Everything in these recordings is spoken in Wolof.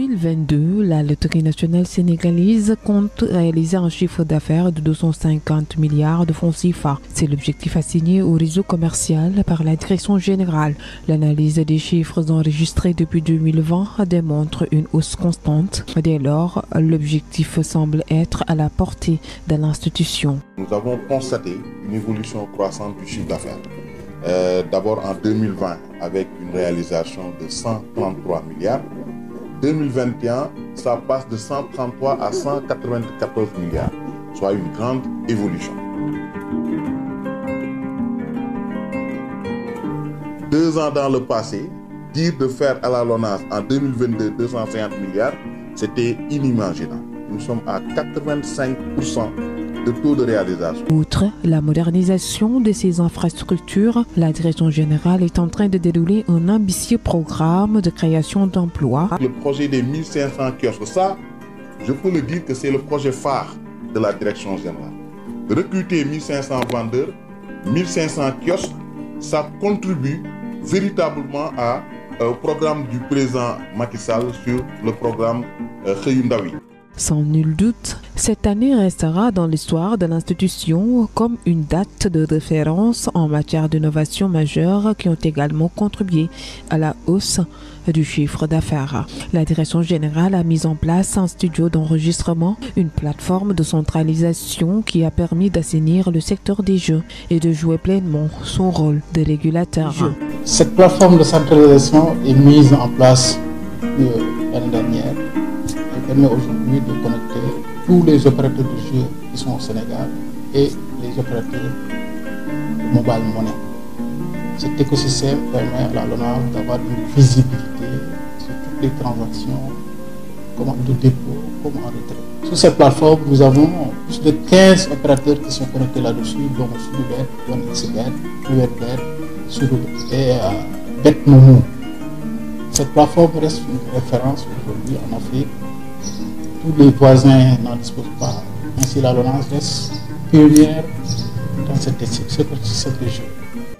2022, la Loterie nationale sénégalaise compte réaliser un chiffre d'affaires de 250 milliards de fonds CIFA. C'est l'objectif assigné au réseau commercial par la direction générale. L'analyse des chiffres enregistrés depuis 2020 démontre une hausse constante. Dès lors, l'objectif semble être à la portée de l'institution. Nous avons constaté une évolution croissante du chiffre d'affaires. Euh, d'abord en 2020 avec une réalisation de 133 milliards 2021, ça passe de 133 à 194 milliards, soit une grande évolution. Deux ans dans le passé, dire de faire à la LONAS en 2022 250 milliards, c'était inimaginable. Nous sommes à 85% de taux de réalisation. Outre la modernisation de ces infrastructures, la direction générale est en train de dérouler un ambitieux programme de création d'emplois. Le projet des 1500 kiosques, ça, je peux le dire que c'est le projet phare de la direction générale. Recruter 1500 vendeurs, 1500 kiosques, ça contribue véritablement à, euh, au programme du président Macky Sall sur le programme euh, sans nul doute, cette année restera dans l'histoire de l'institution comme une date de référence en matière d'innovation majeure qui ont également contribué à la hausse du chiffre d'affaires. La direction générale a mis en place un studio d'enregistrement, une plateforme de centralisation qui a permis d'assainir le secteur des jeux et de jouer pleinement son rôle de régulateur. Cette plateforme de centralisation est mise en place euh, l'année dernière permet aujourd'hui de connecter tous les opérateurs de jeu qui sont au Sénégal et les opérateurs de mobile money. Cet écosystème permet à la d'avoir une visibilité sur toutes les transactions, comme de dépôt, comme retrait. Sur cette plateforme, nous avons plus de 15 opérateurs qui sont connectés là-dessus, dont Sudubet, OneXBet, QRP, Sudubet et euh, BetMomo. Cette plateforme reste une référence aujourd'hui en Afrique tous les voisins n'en disposent pas. Ainsi, la reste dans cette région.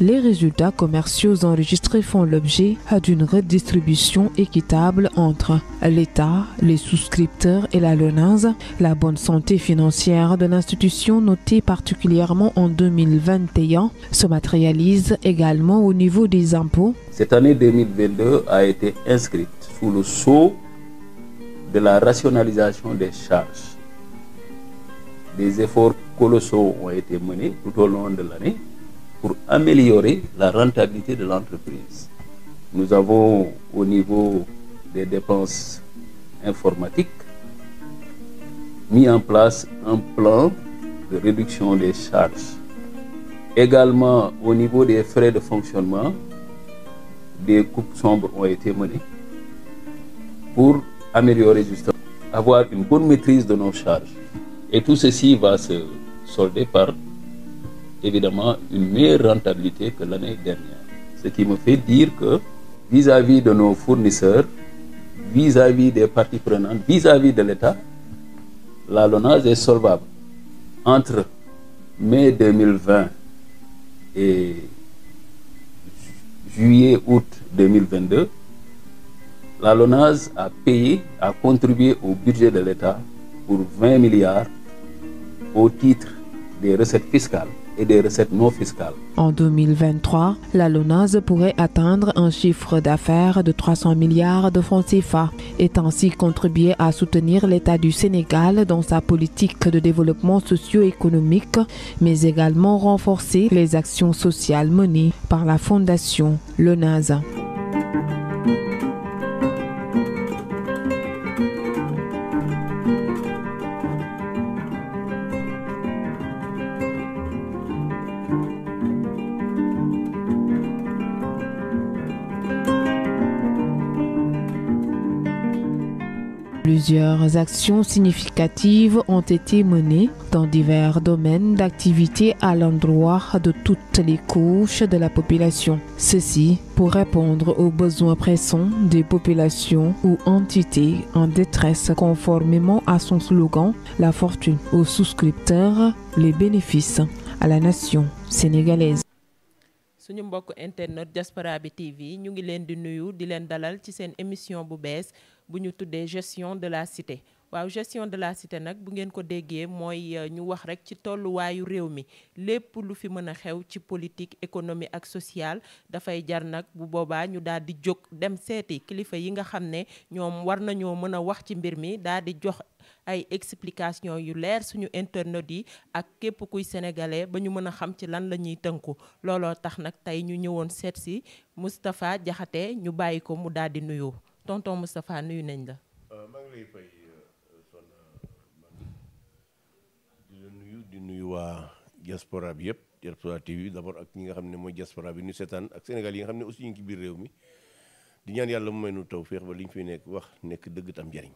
les résultats commerciaux enregistrés font l'objet d'une redistribution équitable entre l'État, les souscripteurs et la lenaze La bonne santé financière de l'institution, notée particulièrement en 2021, se matérialise également au niveau des impôts. Cette année 2022 a été inscrite sous le sceau de la rationalisation des charges. Des efforts colossaux ont été menés tout au long de l'année pour améliorer la rentabilité de l'entreprise. Nous avons au niveau des dépenses informatiques mis en place un plan de réduction des charges. Également au niveau des frais de fonctionnement, des coupes sombres ont été menées pour améliorer justement, avoir une bonne maîtrise de nos charges. Et tout ceci va se solder par, évidemment, une meilleure rentabilité que l'année dernière. Ce qui me fait dire que vis-à-vis de nos fournisseurs, vis-à-vis des parties prenantes, vis-à-vis de l'État, la est solvable. Entre mai 2020 et juillet-août 2022, la LONAS a payé, a contribué au budget de l'État pour 20 milliards au titre des recettes fiscales et des recettes non fiscales. En 2023, la LONAS pourrait atteindre un chiffre d'affaires de 300 milliards de francs CFA et ainsi contribuer à soutenir l'État du Sénégal dans sa politique de développement socio-économique, mais également renforcer les actions sociales menées par la Fondation LONAS. Plusieurs actions significatives ont été menées dans divers domaines d'activité à l'endroit de toutes les couches de la population. Ceci pour répondre aux besoins pressants des populations ou entités en détresse conformément à son slogan La fortune aux souscripteurs, les bénéfices à la nation sénégalaise. Nous internet Diaspora TV bu ñu tuddee gestion de la cité waaw gestion de la cité nag bu ngeen ko déggee mooy euh, ñu wax rek ci tolluwaayu réew mi lépp lu fi mën a xew ci politique économie ak sociale dafay jar nag bu boobaa ñu daal di jóg dem seeti kilifa yi nga xam ne ñoom war nañoo mën a wax ci mbir mi daal di jox ay explication yu leer suñu internet yi ak képp kuy sénégalais ba ñu mën a xam ci lan la ñuy tënku looloo tax nag tey ñu ñëwoon seet si Moustapha Diakhaté ñu bàyyi ko mu daal di nuyoo tonton Mustapha nuyu nañ la. Euh, maa ngi lay fay euh, soxna di la nuyu di nuyu waa diaspora bi yëpp diaspora TV d'abord ak ñi nga xam ne mooy diaspora bi ñu seetaan ak Sénégal yi nga xam ne aussi ñu ngi biir réew mi di ñaan yàlla mu may nu taw féex ba liñ ñu fi nekk wax nekk dëgg tam njariñ.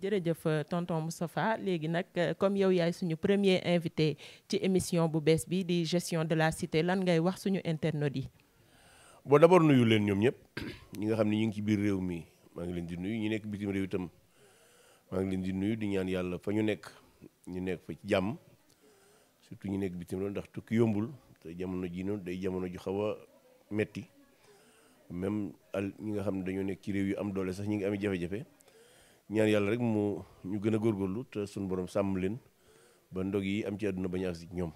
jërëjëf euh, tonton Moustapha léegi nag comme yow yaay suñu premier invité ci émission bu bees bi di gestion de la cité lan ngay wax suñu internautes yi. boo bon d'abord nuyu leen ñoom ñëpp ñi nga xam ne ñu ngi ci biir réew mi maa ngi leen di nuyu ñu nekk bitim réew itam maa ngi leen di nuyu di ñaan yàlla fa ñu nekk ñu nekk fa ci jàmm surtout ñu nekk bitim réew ndax tukki yombul te jamono ji noonu day jamono ju xaw a metti même al ñi nga xam ne dañoo nekk ci réew yu am doole sax ñi ngi ami jafe-jafe ñaan yàlla rek mu ñu gën a góorgóorlu te suñ borom sàmm leen ba ndog yi am ci àdduna bañ a agsi ñoom.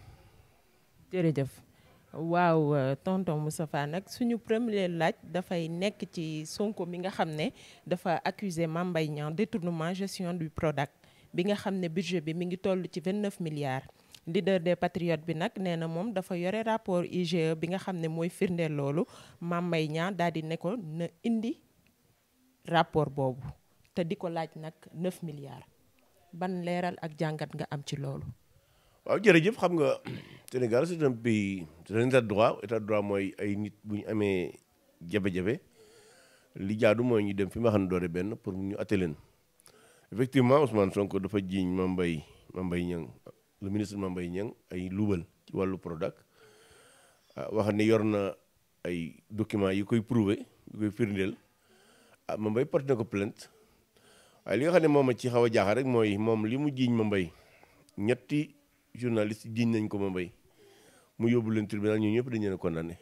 jërëjëf. waaw euh, tonton Moustapha nag suñu premier laaj dafay nekk ci Sonko mi nga xam ne dafa accuser mambay Mbaye Niang détournement gestion du Prodac bi nga xam ne budget bi mi ngi toll ci 29 milliards leader des patriotes bi nag nee na moom dafa yore rapport ug e bi nga xam ne mooy firndeel loolu mambay Mbaye Niang daal di ne ko na indi rapport boobu te di ko laaj nag 9 milliards ban leeral ak jàngat nga am ci loolu waaw jërëjëf xam nga Sénégal c'est un pays c'est un état de droit état de droit mooy ay nit bu ñu amee jafe-jafe li jaadu mooy ñu dem fi ma xam ne doore benn pour ñu atte leen effectivement Ousmane Sonko dafa jiiñ Mame Mbaye Mame Mbaye Niang le ministre Mame Mbaye Niang ay luubal ci wàllu Prodac ah, wax ne yor na ay documents yi koy prouver yu koy firndeel ah Mame Mbaye porté na ko plainte waaye li nga xam ne moom a ci xaw a jaaxal rek mooy moom li mu jiiñ Mame Mbaye ñetti journaliste jiiñ nañ ko ma mbay mu yóbbu leen tribunal ñu ñëpp dañu leen a condamné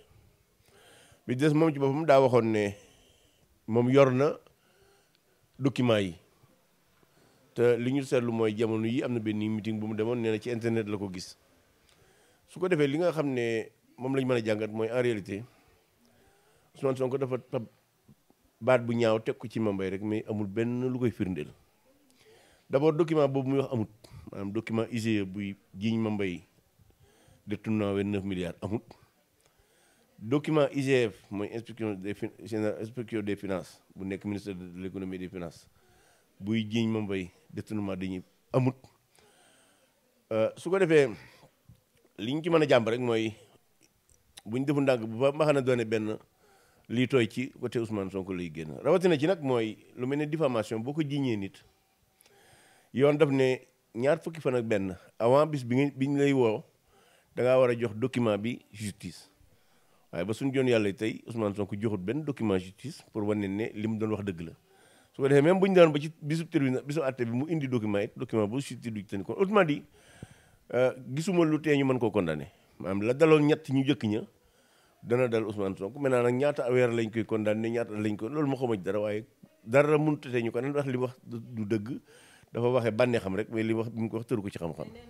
bi des moom ci boppam daa waxoon ne moom yor na document yi te li ñu seetlu mooy jamono yi am na benn meeting bu mu demoon nee na ci internet la ko gis su ko defee li nga xam ne moom lañ mën a jàngat mooy en réalité Ousmane ko dafa tab baat bu ñaaw teg ko ci Mame Mbaye rek mais amul benn lu koy firndeel d'abord document boobu mu wax amut maanaam document IGE buy jiiñ ma mbay détournement vingt-neuf milliards amut document IGF mooy inspection des générale inspection des finances bu nekk ministère de l'économie et des finances buy jiiñ ma mbay détournement dañuy amut euh, su ko defee li ñu ci mën a jàmb rek mooy bu ñu defu ndànk bu ba xam ne doone benn lii tooy ci côté Ousmane Sonko lay génn rawatina ci nag mooy lu mel ne boo ko jiiñee nit yoon daf ne ñaar fukki fan ak ben avant bis biñ lay wo da nga wara jox document bi justice waaye ba suñu joon yalla tay Ousmane Sonko joxut ben document justice pour wone ne lim doon wax deug la su ko defé même buñ doon daan ba ci bisu tribunal bisu atté bi mu indi document document bu justice du ci kon autrement dit euh, gisuma lu téñu man ko koo condamné maanaam la dalon ñett ñu jëk ña dana dal Ousmane Sonko mena nak ñaata awer lañ koy condamné ñaata lañ ko lolou ma xamaj dara waaye dara mënut a tee ko nañ wax li wax du deug dafa waxee bànnee xam rek mais li wax bi mu ko wax tëru ko ci xam-xam. E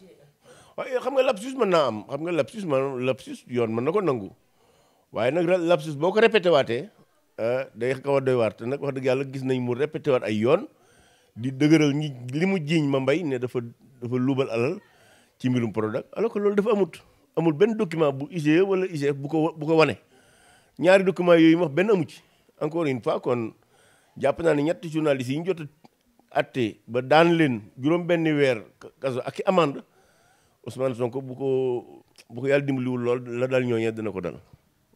e. waaye xam nga lapsus mën naa am xam nga lapsus man lapsus yoon mën na ko nangu waaye nag lapsus boo ko répété waatee euh, day xaw a doy waar te nag wax dëgg yàlla gis nañ mu répété waat ay yoon di dëgëral ñi li mu jiiñ ma mbay ne dafa dafa luubal alal ci mbirum Prodac alors ko loolu dafa amut amul benn document bu IGE wala IGF e bu ko bu ko wane ñaari document yooyu wax benn amu encore in fois kon jàpp naa ne ñetti journalistes yi ñu jot a ba daan leen juróom benni weer kaso ak i amande Ousmane Sonko bu ko bu ko yàlla dimbaliwul lool la dal ñooñee dina ko dal.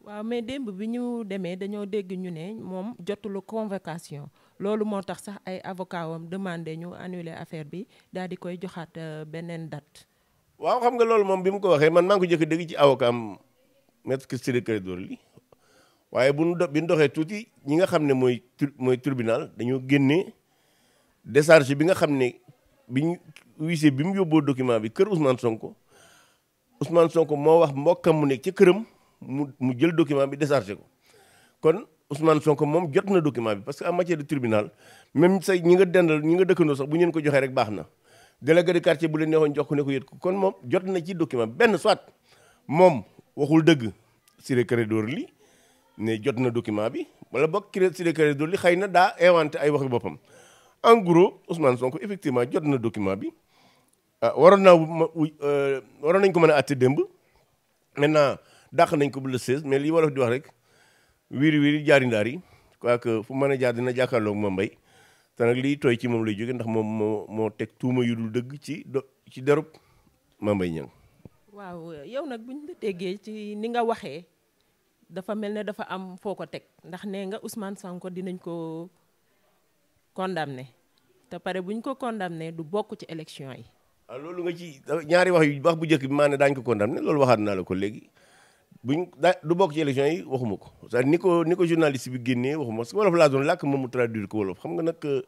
waaw mais démb bi ñu demee dañoo dégg ñu ne moom jotul convocation loolu moo tax sax ay avocat demande demandé ñu annuler affaire bi daal di koy joxaat euh, beneen date. waaw xam nga loolu moom bi mu ko waxee man maa ko jëkk dégg ci avocat am maître Ciré Clédor Ly waaye bu ñu doxee tuuti ñi nga xam ne mooy mooy tribunal dañoo génne décharge bi nga xam ne bi ñu huissier bi mu yóbboo document bi kër usman Sonko Ousmane Sonko moo wax mbokkam mu nekk ci këram mu mu jël document bi déchargé ko kon Ousmane Sonko moom jot na document bi parce que en matière de tribunal même say ñi nga dendal ñi nga dëkkandoo sax bu ñeen ko joxee rek baax na délégué de quartier bu leen neexoon jox ko ne ko yët ko kon moom jot na ci document benn soit moom waxul dëgg Ciré door Ly ne jot na document bi wala boog cré si déclaré dolli xëy na daa inventé ay waxi boppam en gros Ousmane Sonko effectivement jot na document bi ah waroon naa euh, waroon nañ ko mën a àtte démb maintenant dàq nañ ko bu le 16 mais li wolof di wax rek wiiri wiiri jaari ndaar yi quoi que fu mën a jaar dina jàkkaarloog Mame Mbaye te nag lii tooy ci moom lay jóge ndax moom moo moo teg tuuma yu dul dëgg ci ci derub Mame Mbaye Niang waaw yow nag buñ la déggee ci ni nga waxee dafa mel ne dafa am foo ko teg ndax nee nga Ousmane Sonko dinañ ko condamné te pare buñ ko condamné du bokk ci élection yi. waaw ah, loolu nga ci ñaari wax yu wax bu njëkk bi maanaam daañu ko condamné loolu waxaat naa la ko léegi buñ daa du bokk ci élection yi waxuma ko cest ni ko ni ko journaliste bi génnee waxuma si que wolof laa doon làkk moom mu traduire ko wolof xam nga nag euh,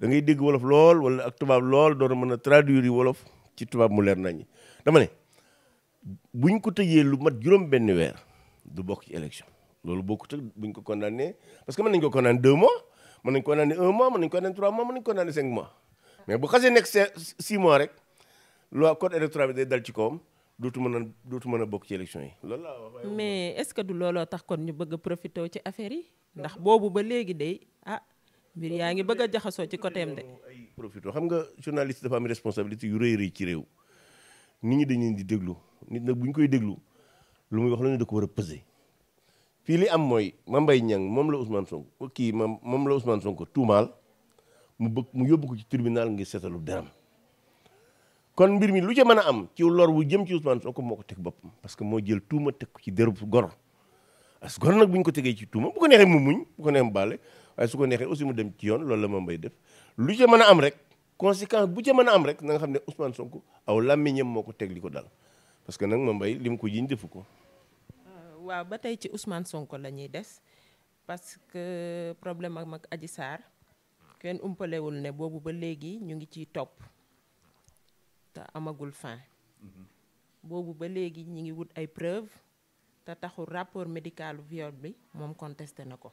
da ngay dégg wolof lool wala ak tubaab lool doon mën a traduire wolof ci tubaab mu leer nañu dama ne buñ ko tëjee lu mat juróom benn weer. du bokk ci élection loolu bokkut ak buñ ko condamné parce que mën nañ ko condamné deux mois mën nañ ko condamné un mois mën nañ ko condamné trois mois mën nañ ko condamné cinq mois mais bu xasee nekk six mois rek loi code électoral bi day dal ci kawam dootu mën a dootu mën a bokk ci élection yi loolu laa wax mais est-ce que du looloo tax kon ñu bëgg a profité ci affaire yi ndax boobu ba léegi day ah mbir yaa ngi bëgg a jaxasoo ci côté am de ay profité xam nga journaliste dafa am responsabilité yu rëy rëy ci réew nit ñi dañu leen di déglu nit nag bu ñu koy déglu lu muy wax la ne da ko war a peser fii li am mooy Mame Mbaye Niang moom la Ousmane Sonko kii moom moom la Ousmane Sonko tuumaal mu bëgg mu yóbbu ko ci tribunal ngi setalu deram kon mbir mi lu ca mën a am ci lor wu jëm ci Ousmane Sonko moo ko teg boppam parce que moo jël tuuma teg ko ci derub gor as gor nag bu ñu ko tegee ci tuuma bu ko neexee mu muñ bu ko neexee mu baale waaye su ko neexee aussi mu dem ci yoon loolu la Mame Mbaye def lu ca mën a am rek conséquence bu ca mën a am rek nga xam ne Ousmane Sonko aw làmmiñam moo ko teg li ko dal parce que nag Mame Mbaye li mu ko jiñ defu ko waaw ba tey ci Ousmane Sonko la ñuy des parce que problème am ak aji saar kenn umpalewul ne boobu ba léegi ñu ngi ciy topp te amagul fin mhm. boobu ba léegi ñi ngi wut ay preuve te taxul rapport médicalu viol bi moom contesté na ko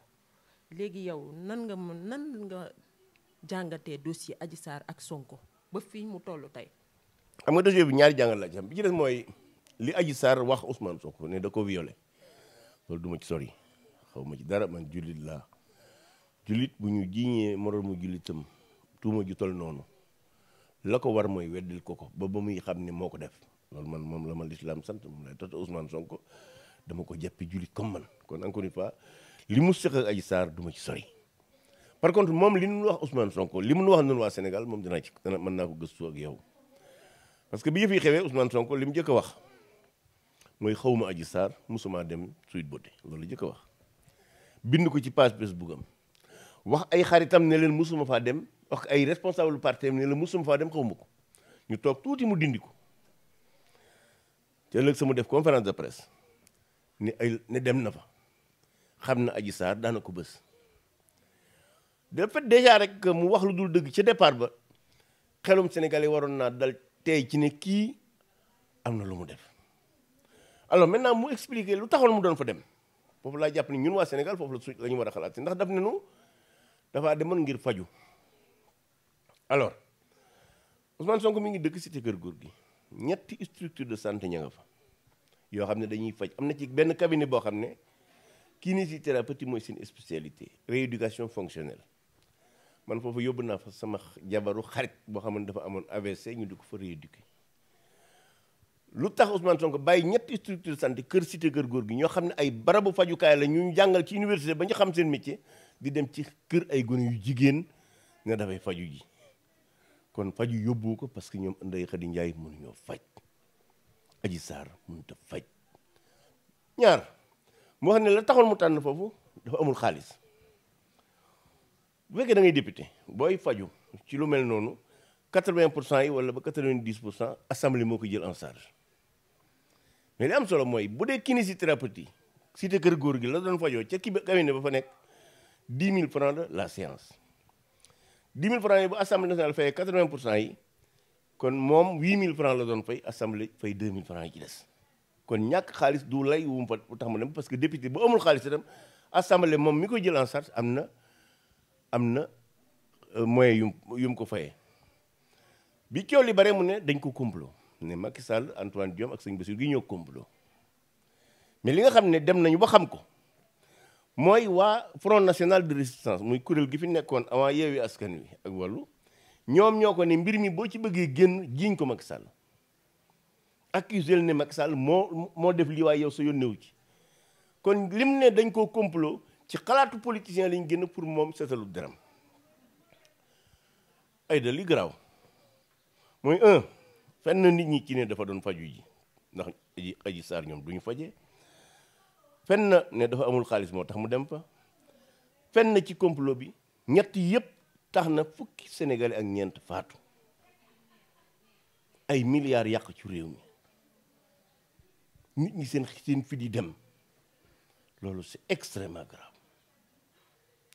léegi yow nan nga mën nan nga jàngatee dossier Adji saar ak sonk ba fii mu toll tey. am nga dossier bi ñaari jàngat la ci am bi ci des mooy li Adji saar wax Ousmane Sonko ne da ko violé du ma ci sori xaw ma ci dara man jullit laa jullit bu ñu jiiñee moroomu jullitam tuuma ju tol noonu la ko war mooy weddil ko ko ba ba muy xam ni moo ko def loolu man moom la ma lislaam sant moom lay tata Ousmane Sonko dama ko jàppi jullit comme man kon encore une fois li mu seq ak Adji Sarr duma ci sori par contre moom li ñu wax Ousmane Sonko li mu wax noonu waa Sénégal moom dina ci dana mën naa ko gëstu ak yow parce que bi yëf yi xewee Ousmane Sonko li mu njëkk a wax mooy xawma aji saar mosuma dem Sweet Beauté loolu jëkk wax bind ko ci page Facebook am wax ay xaritam ne leen mosuma faa dem wax ay responsable parti am ne leen faa dem xawma ko ñu toog tuuti mu dindi ko te sama def conférence de presse ne ay ne dem na fa xam na aji saar daana ko bës de fait déjà rek mu wax lu dul dëgg ca départ ba xelum sénégalais waroon naa dal tey ci ne kii am na lu mu def alors maintenant mu expliquer lu taxoon mu doon fa dem foofu laa jàpp ni ñun waa Sénégal foofu la su la ñu xalaat ndax daf ne dafa demoon ngir faju alors Ousmane Sonko mi ngi dëkk cité kër góor gi ñetti structure de santé ña fa yo xam ne dañuy faj am na ci benn cabinet boo xam ne kinésithérapeutie mooy seen spécialité rééducation fonctionnelle man foofu yóbbu naa fa sama jabaru xarit boo xam dafa amoon AVC ñu di ko fa rééduquer lutax Ousmane Sonko bàyyi ñetti structure santé keur cité keur gor gi ño xam ay barabu kay la ñu jangal ci université ba ñu xam seen métier di dem ci keur ay gone yu jigen nga fay faju ji kon faju yobbu ko parce que ñoom Ndeye Khady Ndiaye mënuñoo faj Adji Sarr mënut a faj ñaar mo wax la taxoon mu tan fofu dafa amul khalis bu da ngay député boy faju ci lu mel nonu 80 yi wala ba 90 assemblée moko jël en charge mais li am solo mooy bu dee kinésithérapie cité kër góor gi la doon fajoo ca ki cabinet ba fa nekk 10 000 francs de la séance 10 000 francs yi bu assemblée nationale fayee 80 pour cent yi kon moom 8 mille francs la doon fay assemblée fay 2 000 francs yi ci des kon ñàkk xaalis du lay wu mu fa tax mu dem parce que député bu amul xaalis itam assemblée moom mi ko jël en charge am na am na euh, moyen yu yu mu ko fayee bi coow li bare mu ne dañ ko complot ne Macky Sall Antoine Diome ak sëñ Bassirou gi ñoo complot mais li nga xam ne dem nañu ba xam ko mooy waa Front National de Résistance muy kuréel gi fi nekkoon avant Yewwi Askan Wi ak wàllu ñoom ñoo ko ne mbir mi boo ci bëggee génn jiiñ ko Macky Sall accusé ne Macky moo moo def lii waaye yow sa yónnewu ci kon lim ne dañ koo complot ci xalaatu politicien lañ génn pour moom setalu deram ay da li garaaw mooy un fenn nit ñi ci ne dafa doon faju ji ndax aji saar ñoom du ñu fajee fenn ne dafa amul xaalis moo tax mu dem fa fenn ci complot bi ñett yépp tax na fukki senegale ak ñeent faatu ay milliards yàq ci réew mi nit ñi seen seen fi di dem loolu c'est extrêmement grave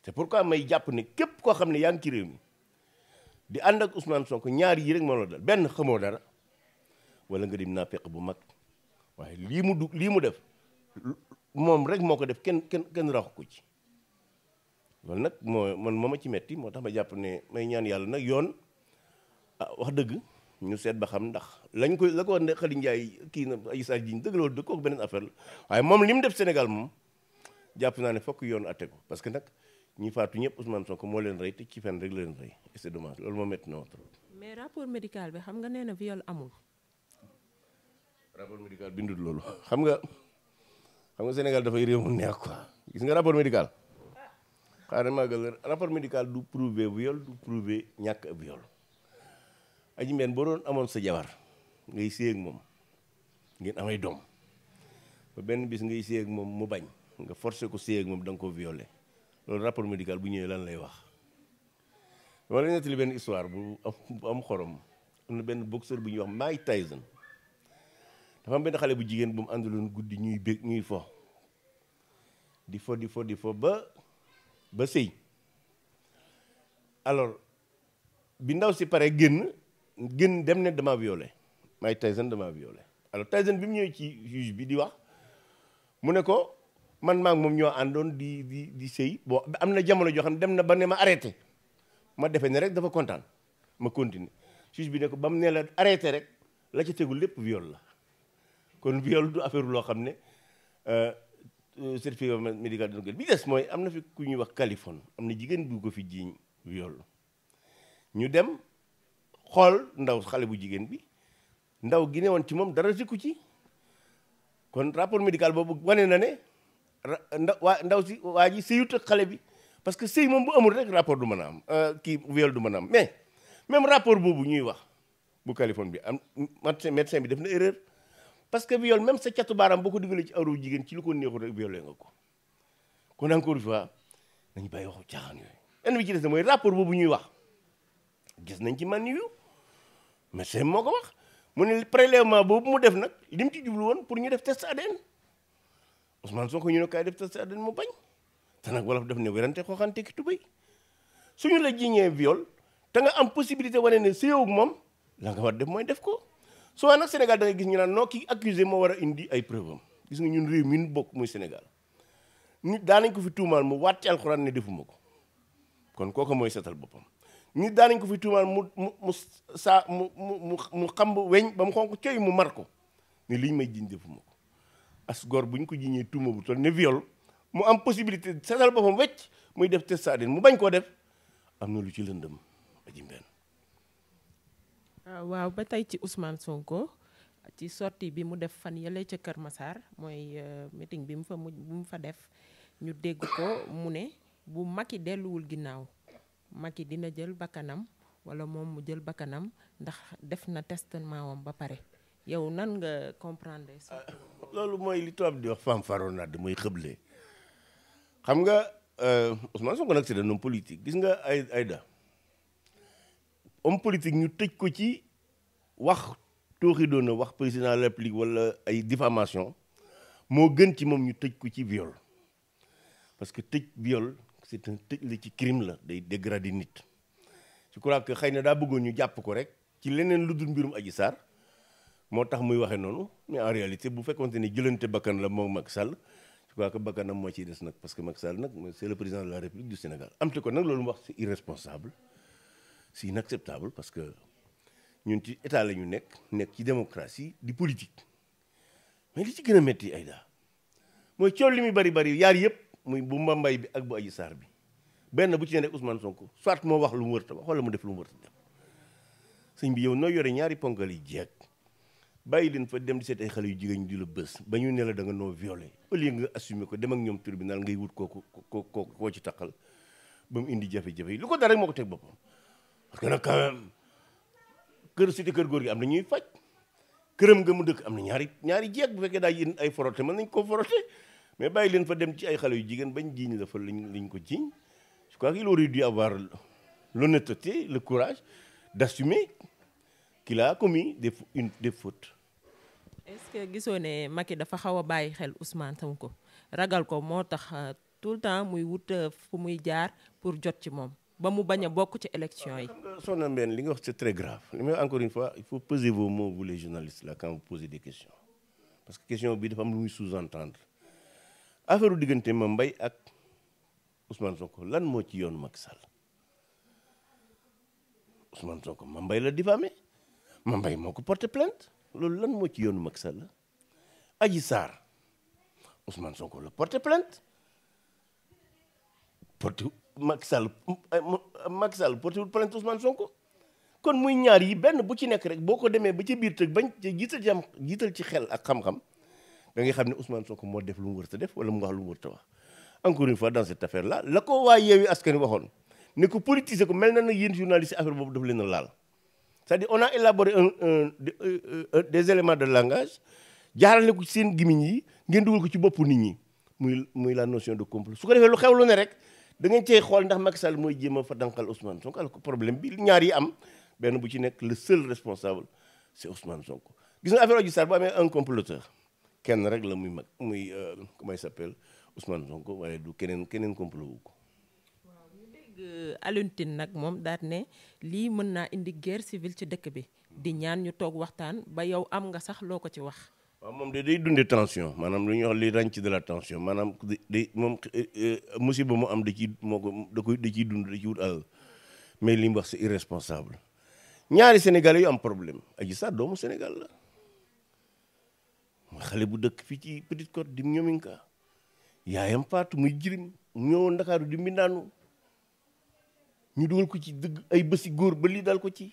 c'est pourquoi may jàpp ne képp koo xam ne yaa ngi ci réew mi di ànd ak Ousmane Sonko ñaar yi rek moo dal benn xamoo dara wala nga di naafeq bu mag waaye lii mu du lii mu def moom rek moo ko def kenn kenn kenn raxu ko ci loolu nag moo man moo ma ci metti moo tax ma jàpp ne may ñaan yàlla nag yoon ah wax dëgg ñu seet ba xam ndax lañ koy la ko wax ne Xali Njaay kii ay saa jiñ dëgg loolu dëgg kooku beneen affaire waaye moom li mu def Sénégal moom jàpp naa ne fokk yoon atte ko parce que nag ñi faatu ñëpp Ousmane ko moo leen rey te ci fenn rek la leen rey loolu moo métti na woon trop mais rapport médical bi xam nga nee na viol amul rapport médical bindut loolu xam nga xam nga Sénégal dafay réew mu neex quoi gis nga rapport médical xaaral maa rapport médical du prouver viol du prouver ñàkk a viol aji boo doon amoon sa jabar ngay séy ak moom ngeen amay doom ba benn bis ngay séy moom mu bañ nga forcé ko séy moom da nga ko violé loolu rapport médical bu ñëwee lan lay wax dama lay nettali benn histoire bu am bu xorom am na benn boxeur bu ñuy wax Mike Tyson dafa am benn xale bu jigéen bu mu àndaloon guddi ñuy bég ñuy fo di fo di fo di fo ba ba sëy alors bi ndaw si pare génn génn dem ne dama violé Mike Tyson dama violé alors Tyson bi mu ñëwee ci juge bi di wax mu ne ko man maa moom ñoo àndoon di di di sëy bon am na jamono joo xam ne dem na ba ne ma arrêté ma defee ne rek dafa kontaan ma continuer juge bi ne ko ba mu ne la arrêté rek la ca tegul lépp viol la kon viol du affaire loo xam ne euh, euh, certificat médical dina ko bi des mooy am na fi ku ñuy wax Californie am na jigéen bu ko fi jiiñ viol ñu dem xool ndaw xale bu jigéen bi ndaw gi ne woon ci moom dara ku ci kon rapport médical boobu wane na ne ndaw waa ndaw si waa ji sëyut xale bi parce que sëy moom bu amul rek rapport du mën a am euh, kii viol du mën a am mais même rapport boobu ñuy wax bu Californie bi am médecin bi def na erreur parce que viol même sa catu baaraam boo ko dugalee ci awru jigéen ci lu ko neexul rek violé nga ko kon encore une fois nañu bàyyi waxu caaxaan yooyu. benn bi ci des mooy rapport boobu ñuy wax gis nañ ci man yu médecin moo ko wax mu ne prélèvement boobu mu def nag li mu ci woon pour ñu def test ADN Ousmane Sonko ñu ne kaay def test ADN mu bañ te nag wolof def ne werante xooxante ki tubéy suñu la jiiñee viol te nga am possibilité wane n sa yow moom la nga mooy def ko. soo nag Sénégal da gis ñu naan non ki accusé moo war a indi ay preuve am gis nga ñun réew mi ñu bokk muy Sénégal nit daanañ ko fi tuumaal mu waat ci alxuraan ne defuma ko kon kooku mooy setal boppam nit daanañ ko fi tuumaal mu mu mu saa mu mu mu xam weñ ba mu xonk coy mu mar ko ne liñ may jiñ defuma ko as gor buñ ko jiñee tuuma bu toll ne viol mu am possibilité setal boppam wecc muy def test ADN mu bañ koo def am na lu ci lëndëm aji mbenn Euh, waaw ba tey ci Ousmane Sonko ci sorti bi mu def fan yële ca Kër Massar mooy euh, meeting bi mu fa mujj bi mu fa def ñu dégg ko mu ne bu Macky delluwul ginnaaw Macky dina jël bakkanam wala moom mu jël bakkanam ndax def na testament wam ba pare yow nan nga comprendre. Ah, loolu mooy li tubaab di wax femme faronade mooy xëble xam nga euh, Ousmane Sonko nag c'est un homme politique gis nga ay Aïda homme politique ñu ko ci wax président de la République wala ay diffamation mo gën ci viol parce que tëj viol c'est un crime la day je crois que xeyna nous ñu japp ko rek ci mbirum mais en réalité bu vous ni le bakkan je crois que parce que Macky c'est le président de la République du Sénégal c'est irresponsable c'est inacceptable parce que ñun ci état la ñu nek nek ci démocratie di politique mais li ci gëna metti ay da moy ciol limi bari bari yar yépp muy bu mbay bi ak bu aji sar bi ben bu ci nek Ousmane Sonko soit mo wax lu mu wërta wax wala mu def lu mu wërta def bi yow no yore ñaari ponkal yi jek bàyyi fa dem di sét ay xalé yu jigéñ di la bëss ba ñu néla da nga no violé au lieu nga assumer ko dem ak ñom tribunal ngay wut koku ko ko ko ci takal bam indi jafe-jafe lu ko dara rek moo ko parce que euh, kër cité kër góor gi am na ñuy faj këram nga mu dëkk am na ñaari ñaari jeeg bu fekkee daa yéen ay foroté mën nañ koo foroté mais bàyyi leen fa dem ci ay xale yu jigéen bañ jiiñ la fa liñ liñ ko jiiñ je crois qu'il aurait dû avoir l'honnêteté le courage d'assumer qu'il a commis des une des fautes est gisoo ne yi dafa xaw a bàyyi xel Ousmane ko ragal ko moo tax euh, tout le temps muy wut euh, fu muy jaar pour jot ci moom bamou mu bañ ci élection yi. sonna li nga wax c'est très grave li encore une fois il faut peser vos mots vous les journalistes là quand vous posez des questions parce que question bi dafa am lu sous-entendre affaire u diggante ma Mbaye ak Ousmane Sonko lan mo ci yoon Macky Sall Ousmane Sonko ma Mbaye la diffamé ma Mbaye moo porté plainte loolu lan mo ci yoonu Macky Sall Adji Sarr Ousmane Sonko la porté plainte porté Macky Sall Macky Sall portéwul plainte Ousmane Sonko kon muy ñaar yi benn bu ci nekk rek boo ko demee ba ci biir tëg bañ ci jiital ci am ci xel ak xam-xam da ngay xam ne Ousmane Sonko moo def lu mu war def wala mu wax lu mu war a wax encore une fois dans cette affaire là ko waa Yewwi Askan Wi waxoon ne ko politiser ko mel na nag yéen journaliste affaire boobu daf leen a laal c'est-à-dire on a élaboré un, un, un des de langage jaarale ko seen gimiñ yi ngeen dugal ko ci boppu nit ñi muy muy la notion de complot su ko defee lu xew lu ne rek da ngeen cey xool ndax Macky Sall mooy jéem fa dànqal Ousmane Sonko alors ko problème bi ñaar yi am benn bu ci nekk le seul responsable c'est Ousmane Sonko gis nga affaire Adji Sarr bu amee un comploteur kenn rek la muy mag muy euh, comment il s'appelle Ousmane Sonko waaye du keneen keneen complot wu ko. Euh, allentin nag moom daal ne lii mën naa indi guerre civile ci dëkk bi di ñaan ñu toog waxtaan ba yow am nga sax loo ko ci wax. mom de day dundé tension manam lu ñu wax li rànc de la tension manam de mom eh, eh, musibe mu am de ci moo da koy de ci dund de ci wut al mais li wax c'est irresponsable ñaari sénégalais yu am problème Adji sa doomu sénégal la xalé bu dëkk fi ci Petite Côte di ñominka yaayam faatu muy jirim ñoo ndakaru di mbindaanu ñu dugal ko ci dëgg ay bëssi goor ba li dal ko ci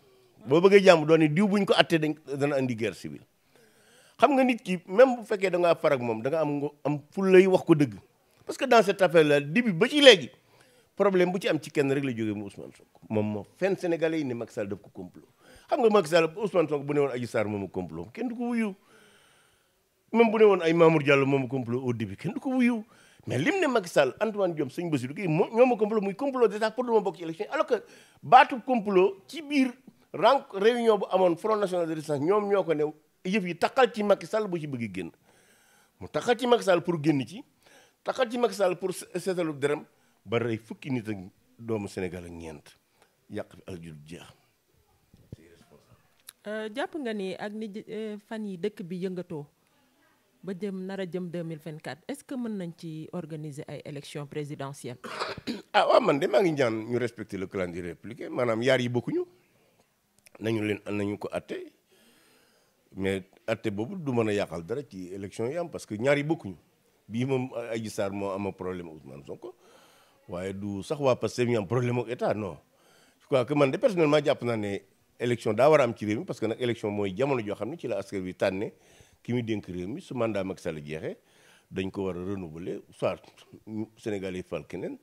boo bëggee jàmm doon ne bu buñ ko attee dañ dana andi guerre civile xam nga nit ki même bu fekkee da ngaa far ak moom danga am nga am fulay wax ko dëgg parce que dans cette affaire là début ba ci léegi problème bu ci am ci kenn rek la jógee mu Ousmane Sonko moom moo fenn Sénégalais yi ne Macky Sall daf ko complot nga Macky Sall Ousmane Sonko bu ne woon Adji Sarr moomu kenn du ko wuyu même bu ne woon ay Mamour Diallo moomu complot au début kenn ko wuyu mais lim ne Macky Sall Antoine Diome Sëñ Bassirou Guèye moom ñoo ma complot muy complot d'état pour lu ma bokk ci élection alors que baatu complot ci biir rank réunion bu amoon front national de résistance ñoom ñoo ko ne yëf yi taxal ci Macky Sall bu ci bëgg génn mu taxal ci Macky Sall pour génn ci taxal ci Macky Sall pour seetalu dërëm ba rey fukki nit ak doomu Sénégal ak ñeent yàq fi aljur jeex euh, jàpp nga ni ak ni euh, fan yi dëkk bi yëngatoo ba jëm nar a jëm 2024 est-ce que mën nañ ci organiser ay élections présidentielles ah waaw man de maa ngi jaan ñu respecter le calendrier républicain maanaam yaar yi bokkuñu nañu leen nañu ko ate mais ate boobu du mën a yàqal dara ci élection yi am parce que ñaar yi bokkuñu bii moom Adji Sarr moo am problème Ousmane Sonko waaye du sax waa Pastef ñu am problème ak état non je crois que man de personnellement jàpp naa ne élection daa war a am ci réew parce que nag élection mooy jamono joo xam ne ci la askan wi tànne ki muy dénk réew mi su mandat Macky Sall jeexee dañ ko war a renouveler soit Sénégal yi fal keneen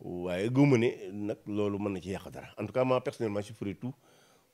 waaye gëmu ne nag loolu mën na ci yàq dara en tout cas moi personnellement je ferai tout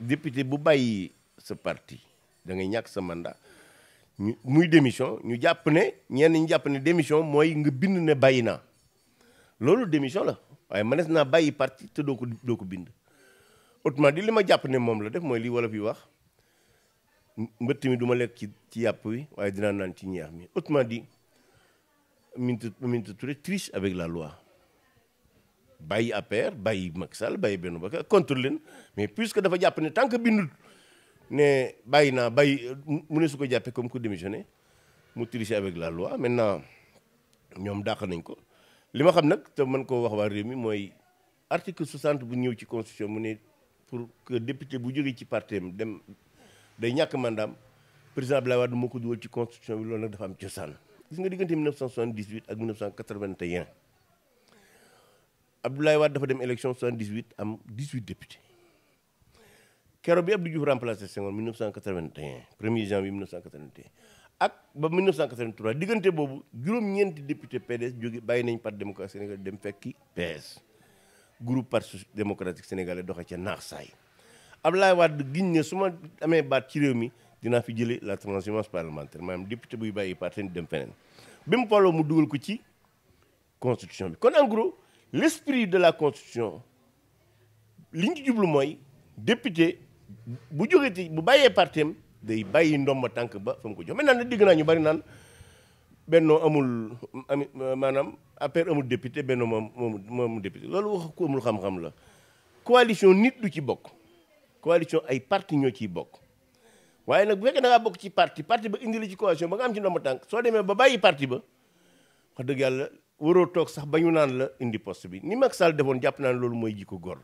député bu bayi sa parti da ngay ñàkk sa manda muy démission ñu jàpp ne ñenn ñu jàpp ne démission mooy nga bind ne bàyyi naa loolu démission la waaye mënees naa bàyyi parti te doo ko ko bind. autrement di li ma jàpp ne moom la def mooy li wolof yi wax mbëtt mi du ma lekk ci ci yàpp wi waaye dinaa naan ci ñeex mi autrement dit Aminata Aminata Touré triche avec la loi. bàyyi APR bàyyi mag Sall bàyyi benn ba contre leen mais que dafa jàpp ne tant que bindul ne bàyyi naa bàyyi mu ne su ko jàppee comme ku démissionné mu tricher avec la loi maintenant ñoom dàq nañ ko li ma xam nag te man koo wax waar réew mi mooy article 60 bu ñëw ci constitution mu ne pour que député bu jógee ci partem dem day ñàkk mandaam président Abdoulaye Wade moo ko dugal ci constitution bi loolu nag dafa am cosaan gis nga diggante ak Abdoulaye Wade dafa dem élection 78 am 18 députés kéro bi Abdou Diouf remplacer Senghor 1981 1er janvier 1981 ak ba 1983 diggante bobu juroom ñent député PDS jóge bàyyi nañ Parti démocratique sénégalais dem fekki PS groupe Parti démocratique sénégalais doxe ci naax saay Abdoulaye Wade giñ suma amé baat ci réew mi dinaa fi jëlee la transhumance parlementaire maanaam député bu bayyi parti dem fenen bi polo mu duggal ko ci constitution bi kon en gros l'esprit de la constitution li ñu ci député bu jógeti bu baye partem day baye ndomba tank ba fa ko jox maintenant nag dégg ñu bari nan benno amul manam maanaam affaire amul député benno moom moom député loolu wax ko amul xam-xam la coalition nit du ci bok coalition ay parti ñoo ciy bokk waaye nag bu fekkee da ngaa bokk ci parti parti ba indi li ci coalition ba nga am ci ndomba tank so demee ba baye parti ba wax deug yalla waroo toog sax ba ñu naan la indi post bi ni Macky Sall defoon jàpp naa loolu mooy jikko góor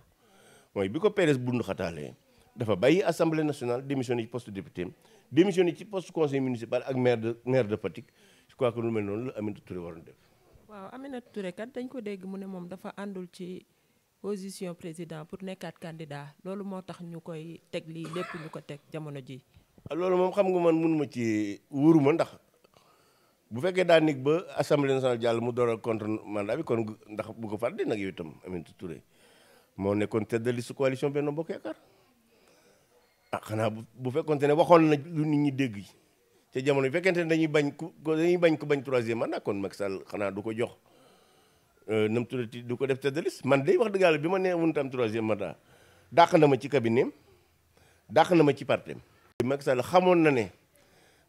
mooy bi ko Pérez bund xataalee dafa bàyyi assemblée nationale démissionné ci poste député démissionné ci poste conseil municipal ak maire de maire de Fatick je crois que lu mel noonu la Aminata Touré waroon def. waaw Aminata Touré kat dañ ko dégg mu ne moom dafa àndul ci position président pour nekkaat candidat loolu moo tax ñu koy teg lii lépp ñu ko teg jamono ji loolu moom xam nga man mënuma ci wóoruma ndax. bu fekkee daa nekk ba assemblée nationale jàll mu door a contre mandat bi kon ndax bu ko fàtte nag yow itam Aminata Touré moo nekkoon tête de liste coalition Benno Bokk Yaakaar ah xanaa bu bu fekkonte ne waxoon na lu nit ñi dégg ca jamono bi fekkente ne dañuy bañ ku dañuy bañ ku bañ troisième mandat kon Macky Sall xanaa du ko jox euh, nam tuddati du ko def tête de man day wax dëgg yàlla bi ma nee wun tam troisième mandat dàq na ma ci cabinet am na ma ci partem Macky xamoon na ne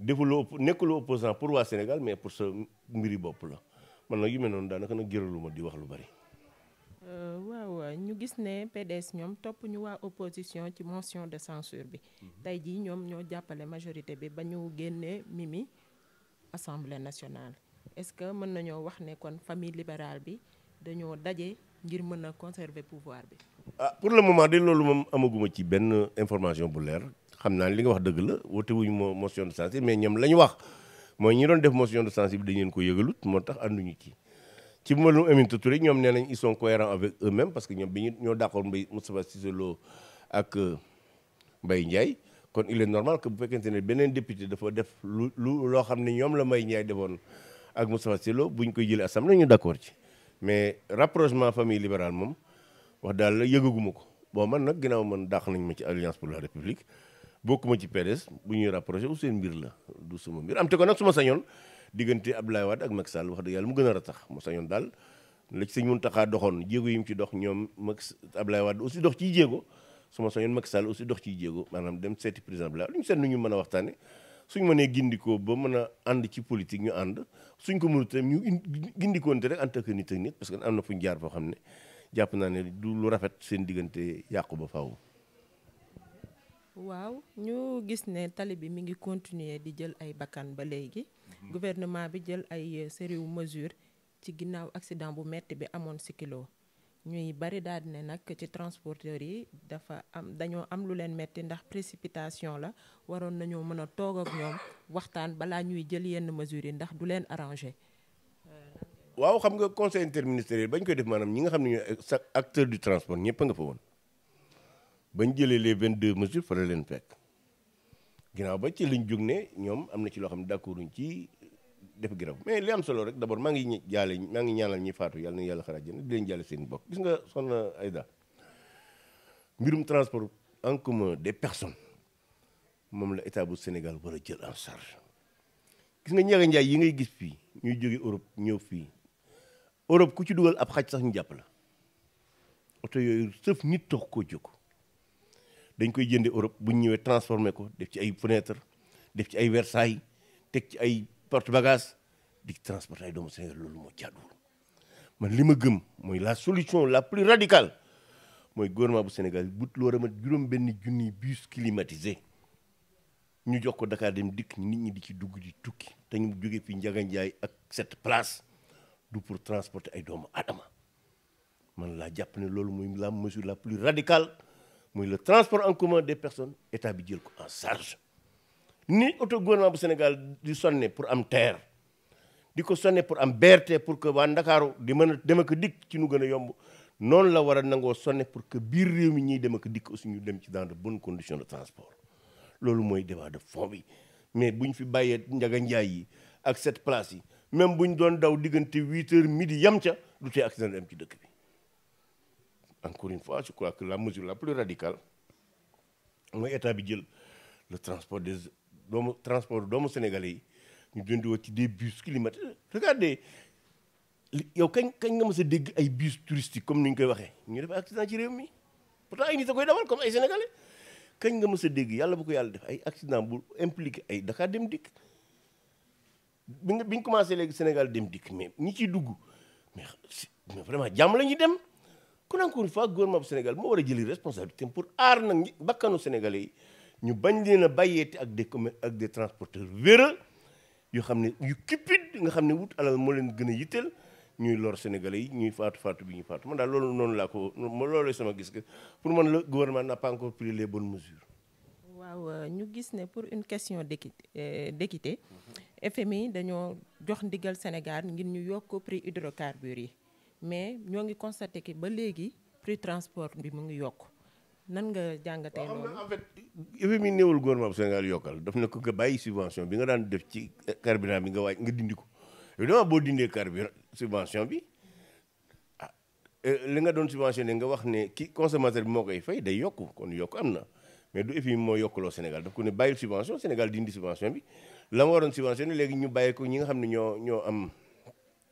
n'est nekkuloo opposant pour le Sénégal mais pour ce mbiri là la man nag yu mel noonu daanaka nag jëralu ma di wax lu bari. Euh, waaw ñu gis ne PDS ñoom topp ñu waa opposition ci motion de censure bi. Mhm. tey jii appelé la majorité bi ba ñu génnee Mimi assemblée nationale. est-ce que mën nañoo wax ne kon famille libérale bi dañoo daje ngir mën conserver pouvoir bi. ah pour le moment je n'ai pas amaguma ci benn information xam naa li nga wax dëgg la woote wuñ mo motion mais ñoom la ñu wax mooy ñi doon def motion de bi dañ leen ko yëgalut moo tax ànduñu ci ci mbalum Aminata Touré ñoom nee nañ ils sont cohérents avec que ñoom bi ñu ñoo d'accord Mbaye Moustapha Cissé Lo ak euh, kon il est normal que bu fekkente ne beneen député dafa def lu loo xam ne ñoom la may Ndiaye defoon ak Moustapha Cissé bu buñ koy jëlee assemblée ñu d'accord ci mais rapprochement famille libérale moom wax daal la yëgaguma ko bon man nag ginnaaw man dàq nañ ma ci alliance pour la république bokkuma ci PDS bu ñuy rapproché wu seen mbir la du suma mbir am te ko nag su ma sañoon diggante Abdoulaye Wade ak mag Sall wax dëgg yàlla mu gën a ratax ma sañoon daal la ci sëñ Mountakha doxoon jéego yi mu ci dox ñoom Macky Abdoulaye Wade aussi dox ci jéego su ma sañoon Macky Sall aussi dox ciy jéego maanaam dem seeti président Abdoulaye lu ñu seet nu ñu mën a waxtaane suñ mënee gindikoo ba mën a ànd ci politique ñu ànd suñ ko mënut tam ñu gindikoonte rek en tant que nit ak nit parce que am na fu ñu jaar foo xam ne jàpp naa ne du lu rafet seen diggante yàqu ba faaw. waaw ñu gis ne tali bi mi ngi continuer di jël ay bakkan ba léegi. Mhm. gouvernement bi jël ay euh, série wu mesure ci ginnaaw accident bu metti bi amoon si kilo. ñuy bari daal ne nag ci transporteurs yi dafa am dañoo am lu leen metti ndax précipitation la waroon nañoo mën a toog ak ñoom waxtaan balaa ñuy jël yenn mesures yi ndax du leen arrangé. waaw xam nga conseil interministériel bañ koy def maanaam ñi nga xam ne ñooy acteur du transport ñëpp nga fa woon. bañ jëlee les vingt deux mesures fa la leen fekk ginaaw ba ci liñ jóg ne ñoom am na ci loo xam ne d'accorduñ ci def grève mais li am solo rek d'abord maa ngi jaale maa ngi ñaanal ñi faatu yàlla na yàlla xaraaj jënd di leen jaale seen bokk gis nga ay daa mbirum transport en commun des personnes moom la état bu Sénégal war a jël en charge gis nga njaaga njaay yi ngay gis fii ñuy jóge Europe ñëw fii Europe ku ci dugal ab xaj sax ñu jàpp la oto yooyu sëf nit tax koo jóg dañ koy jënde Europe bu ñu ñëwee transformé ko def ci ay fenêtre def ci ay Versailles teg ci ay porte bagage di transporter ay doomu Sénégal loolu moo jaaduwul man li ma gëm mooy la solution la plus radicale mooy gouvernement bu Sénégal but lu war a mat juróom benn junni bus ñu jox ko Dakar dikk nit ñi di ci dugg di tukki te ñu jógee fi Ndiaye ak cette place du pour transporter ay aadama man laa jàpp ne loolu mooy la mesure la plus radicale le transport en commun des personnes est bi jël en charge ni gouvernement du Sénégal di pour am pour am pour que wa di meuna a ci nu gëna yomb non la pour que réew mi dans de bonnes conditions de transport lolu moy débat de fond bi mais fi place même si daw digënté 8h midi yam ca accident ci encore une fois je crois que la mesure la plus radicale nga état bi jël le transport des doomu transport doomu sénégalais yi ñu dundiwaat ci des bus climatisés regardez yow kañ kañ nga mës a dégg ay bus touristiques comme ni ñu koy waxee ñu def accident ci réew mi pourtant ay nit a koy dawal comme ay sénégalais kañ nga mës a dégg yàlla bu ko yàlla def ay accident bu impliqué ay Dakar dem dikk bi nga bi ñu commencé léegi Sénégal dem dikk mais ñi ciy dugg mais jàmm la ñuy dem. kon encore une fois gouvernement du Sénégal moo war la responsabilité pour aar les ñi Sénégalais yi ñu bañ leen a ak des ak des transporteurs véreux, qui xam ne yu cupide nga xam ne wut alal moo leen ñuy lor Sénégalais yi ñuy faatu faatu bi ñuy faatu man daal loolu noonu laa ko sama pour man le gouvernement n'a pas encore pris les bonnes mesures. waaw ñu gis pour une question d'équité euh, d'équité mm-hmm. FMI dañoo jox ndigal Sénégal ngir ñu le prix hydrocarbures mais ñoo ngi constaté que ba léegi prix transport bi mu ngi yokk nan nga jàngatee loolu. en fait yëf mi néewul gouvernement bu Sénégal yokkal daf ne ko nga bàyyi subvention bi nga daan def ci carburant bi nga waaj nga dindi ko évidemment boo dindee carburant subvention bi ah euh, li nga doon subventionné nga wax ne ki consommateur bi moo koy fay day yokku kon yokk am na mais du FMI moo yokkuloo Sénégal daf ko ne bàyyil subvention Sénégal dindi subvention bi la ma waroon subventionné léegi ñu bàyyi ko ñi nga xam ne ñoo ñoo am.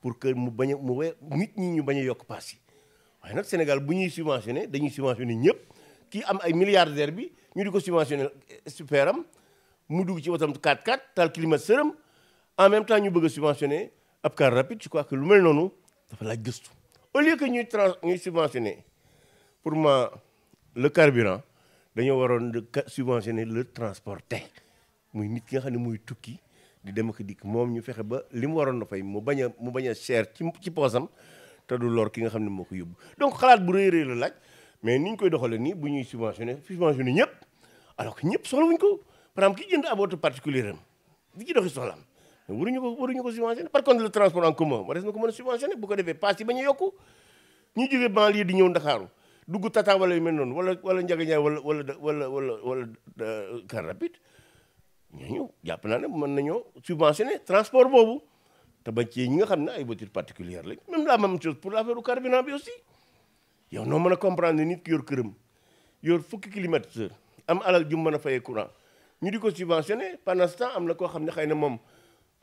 pour que mu bañ mu we nit ñi ñu bañ a yokk paas waaye nag Sénégal bu ñuy subventionné dañuy subventionné ñëpp kii am ay milliardaire bi ñu di ko subventionné eh, super am mu dugg ci watam 4-4 tal climat sërëm en même temps ñu bëgg a subventionné ab car rapide je crois que lu mel noonu dafa laaj gëstu au lieu que ñuy trans ñuy subventionné pour moi le carburant dañoo waroon subventionné le transporter muy nit ki nga xam ne muy tukki di dem ak dikk moom ñu fexe ba li mu waroon na fay mu bañ a mu bañ cher ci ci poosam te du lor ki nga xam ne moo ko yóbbu donc xalaat bu rëy rëy la laaj mais ni ñu koy doxalee nii bu ñuy subventionné subventionné ñëpp alors que ñëpp soxla wuñ ko par exemple ki jënd abootu particulier am di ci doxi soxlaam waruñu ko waruñu ko subventionné par contre le transport en commun war na ko mën a subventionné bu ko defee paas bañ a yokku ñu jógee banlieue di ñëw ndaxaaru dugg tata wala yu mel noonu wala wala Ndiaga Ndiaye wala wala wala wala wala euh, car rapide ñoo ñooñu jàpp naa ne mën nañoo subventionné transport boobu te bañ ci ñi nga xam ne ay voiture particulière lañ même la même chose pour l'affaire u carburant bi aussi yow noo mën comprendre nit ki yor këram yor fukki climatiseur am alal ju mën a fayee courant ñu di ko subventionné pendant ce temps am na koo xam ne xëy na moom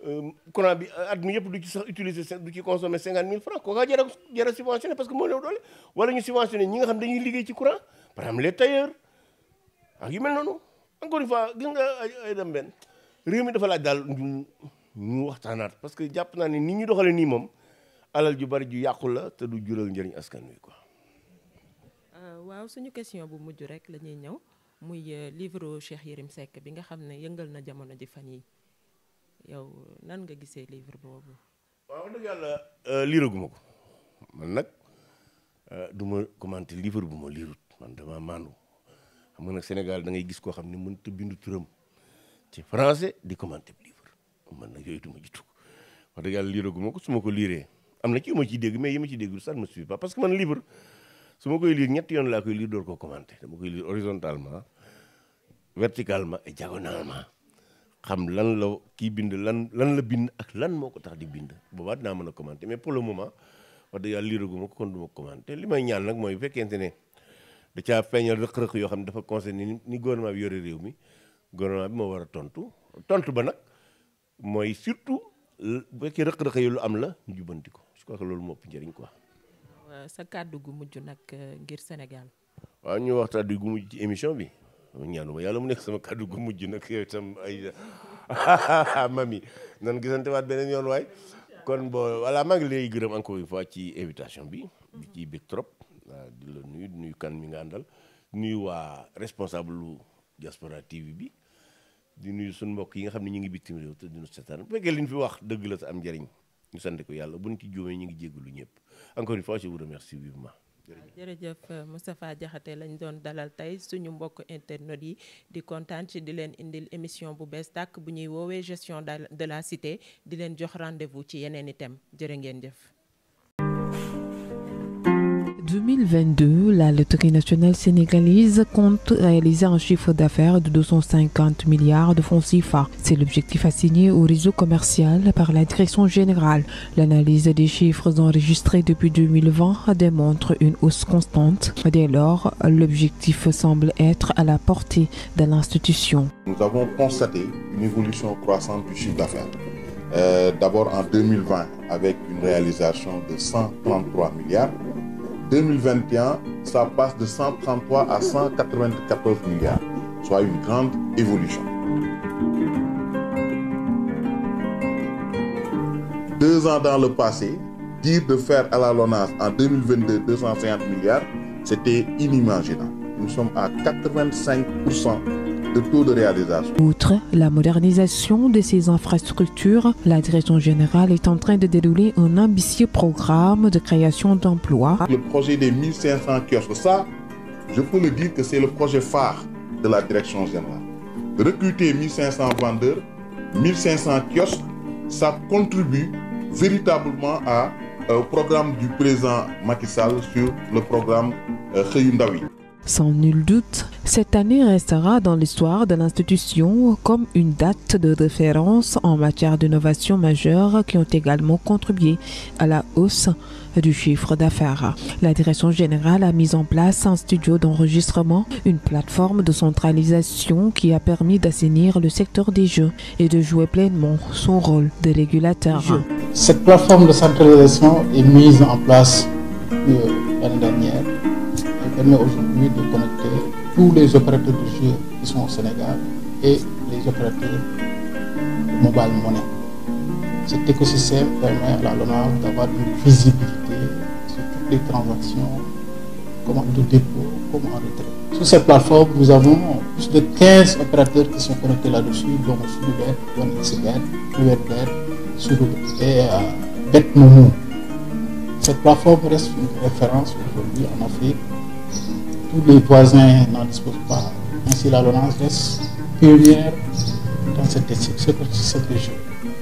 euh, courant bi euh, at mi du ci sax utiliser du ci consommer cinquante mille francs kooka jara jara subventionné parce que moo néew doole wala ñu subventionné ñi nga encore une fois gis nga ay dem ben réew mi dafa laaj daal ñu waxtaanaat parce que jàpp naa ni ni ñu doxale nii moom alal ju bari ju yàqu la te du jural njëriñ askan wi quoi euh, waaw suñu question bu mujj rek la ñuy ñëw muy euh, livre cheikh yérim seck bi nga xam ne yëngal na jamono ji fan yi yow nan nga gisee livre boobu waaw dëgg yàlla euh, liiraguma ko man nag du commenté livre bu ma liirut man dama xam nga nag Sénégal da ngay gis koo xam ne mënut ta bindu turam ci français di commenter livre man na yooyu du ma jiitu wax dëgg yàlla liiroo gu ma ko su ma ko liiree am na ci yu ma ciy dégg mais yi ma ci dégg ça ne me suffit parce que man livre su ma koy liir ñetti yoon laa koy liir door ko commenter dama koy liir horizontalement verticalement et diagonalement xam lan la kii bind lan lan la bind ak lan moo ko tax di bind boobaa dinaa mën a commenter mais pour le moment wax dëgg yàlla liiroo gu ko kon du ma li may ñaan nag mooy fekkente ne. da caa feeñal rëq-rëq yoo xam ne dafa concerné ni ni gouvernement bi yore réew mi gouvernement bi moo war a tontu tontu ba nag mooy surtout bu fekkee rëq-rëq yi lu am la ñu jubbanti ko loolu moo ëpp njëriñ quoi. Euh, sa kàddu gu mujj nag euh, ngir Sénégal. waaw ñu wax kàddu gu mujj ci émission bi ñaanuma yàlla mu nekk sama kàddu gu mujj nag yow itam ay mami nan gisante waat beneen yoon waay kon bo voilà maa ngi lay gërëm encore une fois ci invitation bi. Mm-hmm. ci bég naa di la nuyu nuyu kan mi nga àndal nuyu waa responsable lu diaspora TV bi di nuyu suñ mbok yi nga xamni ñi ngi bitim rew te dinu seetaan bu fekkee liñ fi wax deug la te am jariñ. ñu sant ko Yalla buñ ci juumee ñi ngi jéggalu ñëpp encore une fois je vous remercie vivement. jërëjëf ah, euh, Moustapha Diakhaté lañ doon dalal tey suñu mbokk internet yi di kontaan ci di leen indil émission bu bees tàkk bu ñuy woowee gestion de la cité di leen jox rendez-vous ci yeneen i thèmes jërë ngeen jëf. 2022, la Loterie nationale sénégalaise compte réaliser un chiffre d'affaires de 250 milliards de fonds CFA. C'est l'objectif assigné au réseau commercial par la direction générale. L'analyse des chiffres enregistrés depuis 2020 démontre une hausse constante. Dès lors, l'objectif semble être à la portée de l'institution. Nous avons constaté une évolution croissante du chiffre d'affaires. Euh, d'abord en 2020 avec une réalisation de 133 milliards 2021, ça passe de 133 à 194 milliards, soit une grande évolution. Deux ans dans le passé, dire de faire à la LONAS en 2022 250 milliards, c'était inimaginable. Nous sommes à 85% taux de réalisation. Outre la modernisation de ces infrastructures, la direction générale est en train de dérouler un ambitieux programme de création d'emplois. Le projet des 1500 kiosques, ça, je peux le dire que c'est le projet phare de la direction générale. Recruter 1500 vendeurs, 1500 kiosques, ça contribue véritablement à, euh, au programme du présent Macky Sall sur le programme euh, Dawi. Sans nul doute, cette année restera dans l'histoire de l'institution comme une date de référence en matière d'innovation majeure qui ont également contribué à la hausse du chiffre d'affaires. La direction générale a mis en place un studio d'enregistrement, une plateforme de centralisation qui a permis d'assainir le secteur des jeux et de jouer pleinement son rôle de régulateur. Cette plateforme de centralisation est mise en place euh, l'année dernière permet aujourd'hui de connecter tous les opérateurs de jeu qui sont au Sénégal et les opérateurs de mobile money. Cet écosystème permet à la d'avoir une visibilité sur toutes les transactions, comment de dépôt, comme retrait. Sur cette plateforme, nous avons plus de 15 opérateurs qui sont connectés là-dessus, dont Sudubet, OneXBet, URBet, Sudubet et euh, Cette plateforme reste une référence aujourd'hui en Afrique les voisins n'en disposent pas. Ainsi, la dans cette,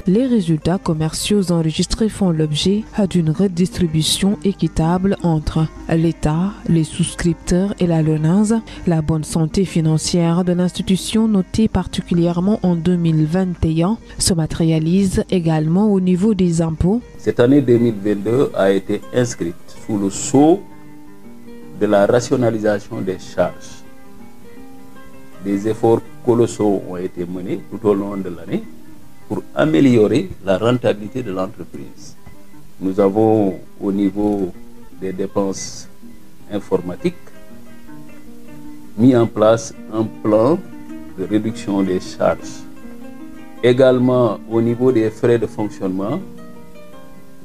Les résultats commerciaux enregistrés font l'objet d'une redistribution équitable entre l'État, les souscripteurs et la LENAS. La bonne santé financière de l'institution, notée particulièrement en 2021, se matérialise également au niveau des impôts. Cette année 2022 a été inscrite sous le sceau de la rationalisation des charges. Des efforts colossaux ont été menés tout au long de l'année pour améliorer la rentabilité de l'entreprise. Nous avons au niveau des dépenses informatiques mis en place un plan de réduction des charges. Également au niveau des frais de fonctionnement,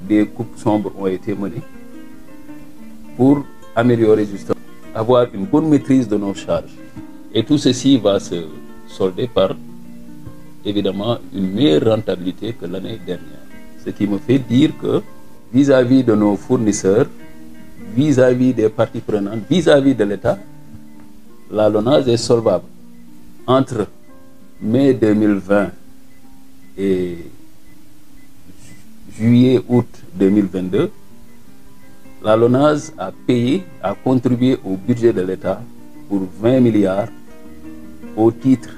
des coupes sombres ont été menées pour améliorer justement, avoir une bonne maîtrise de nos charges. Et tout ceci va se solder par, évidemment, une meilleure rentabilité que l'année dernière. Ce qui me fait dire que vis-à-vis de nos fournisseurs, vis-à-vis des parties prenantes, vis-à-vis de l'État, la est solvable. Entre mai 2020 et juillet-août 2022, la LONAS a payé, a contribué au budget de l'État pour 20 milliards au titre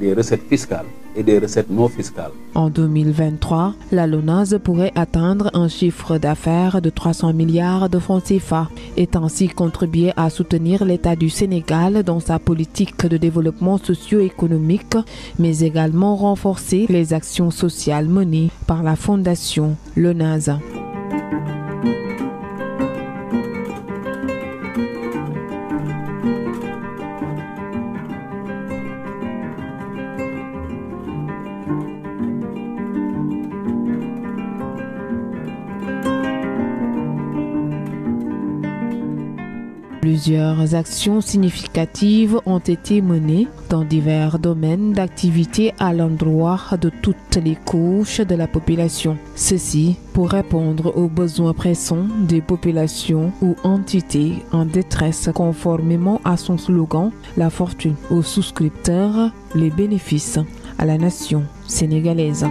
des recettes fiscales et des recettes non fiscales. En 2023, la LONAS pourrait atteindre un chiffre d'affaires de 300 milliards de francs CFA et ainsi contribuer à soutenir l'État du Sénégal dans sa politique de développement socio-économique, mais également renforcer les actions sociales menées par la Fondation LONAS. Plusieurs actions significatives ont été menées dans divers domaines d'activité à l'endroit de toutes les couches de la population. Ceci pour répondre aux besoins pressants des populations ou entités en détresse conformément à son slogan La fortune aux souscripteurs, les bénéfices à la nation sénégalaise.